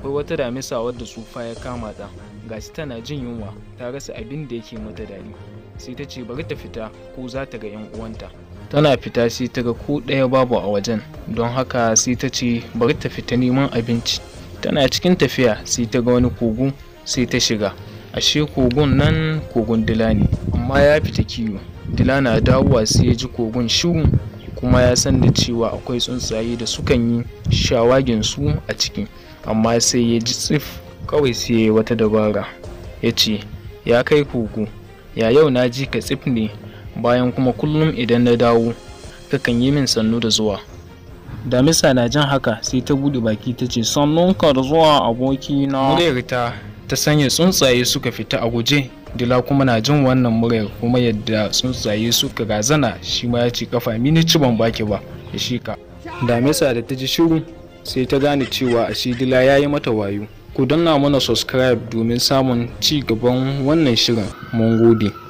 akwai wata damisa wadda tsufa ya kama ta ga shi tana jin yunwa ta rasa abin da yake mata dadi sai ta ce bari ta fita ko za ta ga yan uwanta tana fita sai ta ga ko ɗaya babu a wajen don haka sai ta ce bari ta fita neman abinci tana cikin tafiya sai ta ga wani kogo sai ta shiga ashe kogon nan kogon dila ne amma ya fita kiwo dila na dawowa sai ya ji kogon shiru kuma ya san da cewa akwai tsuntsaye da sukan yi shawagin su a ciki amma sai ya ji tsif kawai sai ya yi wata dabara ya ce ya kai kogo ya yau na ji ka tsif ne bayan kuma kullum idan na dawo kakan yi min sannu da zuwa damisa na jan haka sai ta bude baki ta ce sannunka da zuwa abokina. na ta sanya tsuntsaye suka fita a guje dila kuma na jin wannan murayar kuma yadda tsuntsaye suka razana shi ma ya ce kafa mini ci ban baki ba ya shika mesa da ta ji shiru sai ta gane cewa a shi dila ya yi mata wayo ku danna mana subscribe domin samun ci gaban wannan shirin mun gode